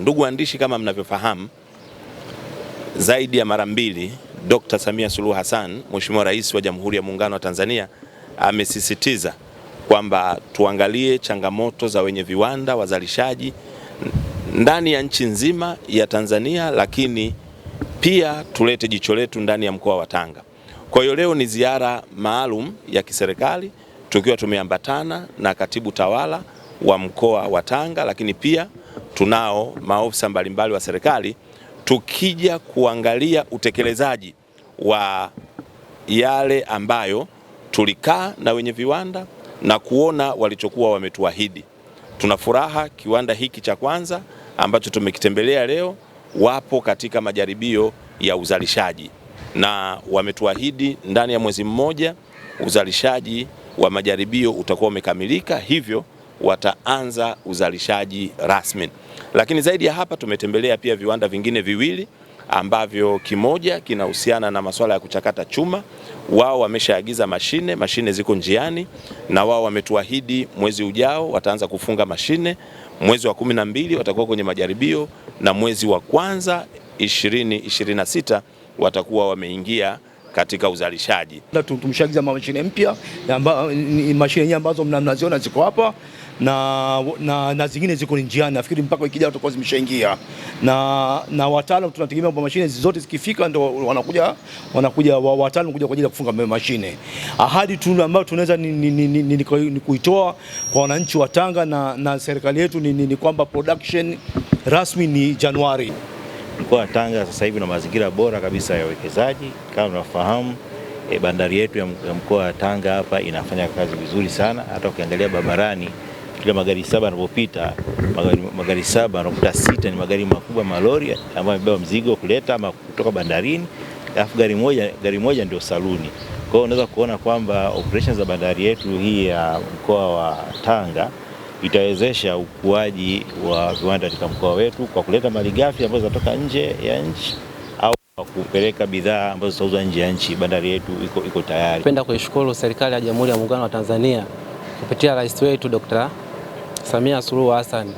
Ndugu waandishi, kama mnavyofahamu, zaidi ya mara mbili Dkt. Samia Suluhu Hassan, Mheshimiwa Rais wa Jamhuri ya Muungano wa Tanzania, amesisitiza kwamba tuangalie changamoto za wenye viwanda wazalishaji ndani ya nchi nzima ya Tanzania, lakini pia tulete jicho letu ndani ya mkoa wa Tanga. Kwa hiyo leo ni ziara maalum ya kiserikali tukiwa tumeambatana na katibu tawala wa mkoa wa Tanga, lakini pia tunao maofisa mbalimbali wa serikali, tukija kuangalia utekelezaji wa yale ambayo tulikaa na wenye viwanda na kuona walichokuwa wametuahidi. Tuna furaha kiwanda hiki cha kwanza ambacho tumekitembelea leo, wapo katika majaribio ya uzalishaji na wametuahidi ndani ya mwezi mmoja uzalishaji wa majaribio utakuwa umekamilika hivyo wataanza uzalishaji rasmi. Lakini zaidi ya hapa tumetembelea pia viwanda vingine viwili ambavyo kimoja kinahusiana na masuala ya kuchakata chuma. Wao wameshaagiza mashine, mashine ziko njiani, na wao wametuahidi mwezi ujao wataanza kufunga mashine. Mwezi wa kumi na mbili watakuwa kwenye majaribio na mwezi wa kwanza 2026 watakuwa wameingia katika uzalishaji. Tumeshaagiza mashine mpya, mashine nyingi ambazo mnaziona ziko hapa na, na, na zingine ziko njiani, nafikiri mpaka wiki ijayo tutakuwa zimeshaingia na, na wataalamu tunategemea kwa mashine zote zikifika ndio wanakuja wanakuja wataalamu kuja kwa ajili ya kufunga mashine. Ahadi tu ambayo tunaweza ni, ni, ni, ni, ni, ni kuitoa kwa wananchi wa Tanga na, na serikali yetu ni, ni, ni kwamba production rasmi ni Januari. Mkoa wa Tanga sasa hivi na mazingira bora kabisa ya uwekezaji. Kama unafahamu e, bandari yetu ya mkoa wa Tanga hapa inafanya kazi vizuri sana. Hata ukiangalia barabarani kila magari saba yanapopita, magari, magari saba anakuta sita ni magari makubwa malori ambayo yamebeba mzigo kuleta ama kutoka bandarini, alafu gari moja, gari moja ndio saluni. Kwa hiyo unaweza kuona kwamba operations za bandari yetu hii ya mkoa wa Tanga itawezesha ukuaji wa viwanda katika mkoa wetu kwa kuleta malighafi ambazo zinatoka nje ya nchi au kwa kupeleka bidhaa ambazo zitauzwa nje ya nchi. Bandari yetu iko, iko tayari. Napenda kuishukuru serikali ya Jamhuri ya Muungano wa Tanzania kupitia rais wetu Dr. Samia Suluhu Hassan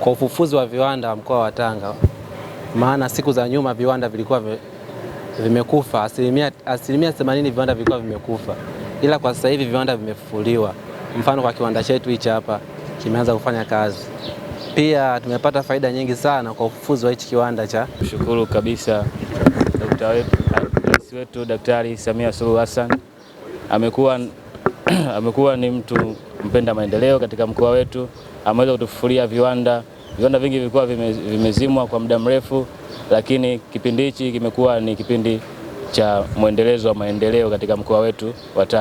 kwa ufufuzi wa viwanda mkoa wa Tanga, maana siku za nyuma viwanda vilikuwa vimekufa, asilimia, asilimia 80 viwanda vilikuwa vimekufa, ila kwa sasa hivi viwanda vimefufuliwa. Mfano kwa kiwanda chetu hichi hapa kimeanza kufanya kazi. Pia tumepata faida nyingi sana kwa ufufuzi wa hichi kiwanda cha. Shukuru kabisa rais wetu Daktari Samia Suluhu Hassan amekuwa amekuwa ni mtu mpenda maendeleo katika mkoa wetu, ameweza kutufufulia viwanda. Viwanda vingi vilikuwa vimezimwa kwa muda mrefu, lakini kipindi hichi kimekuwa ni kipindi cha mwendelezo wa maendeleo katika mkoa wetu wa Tanga.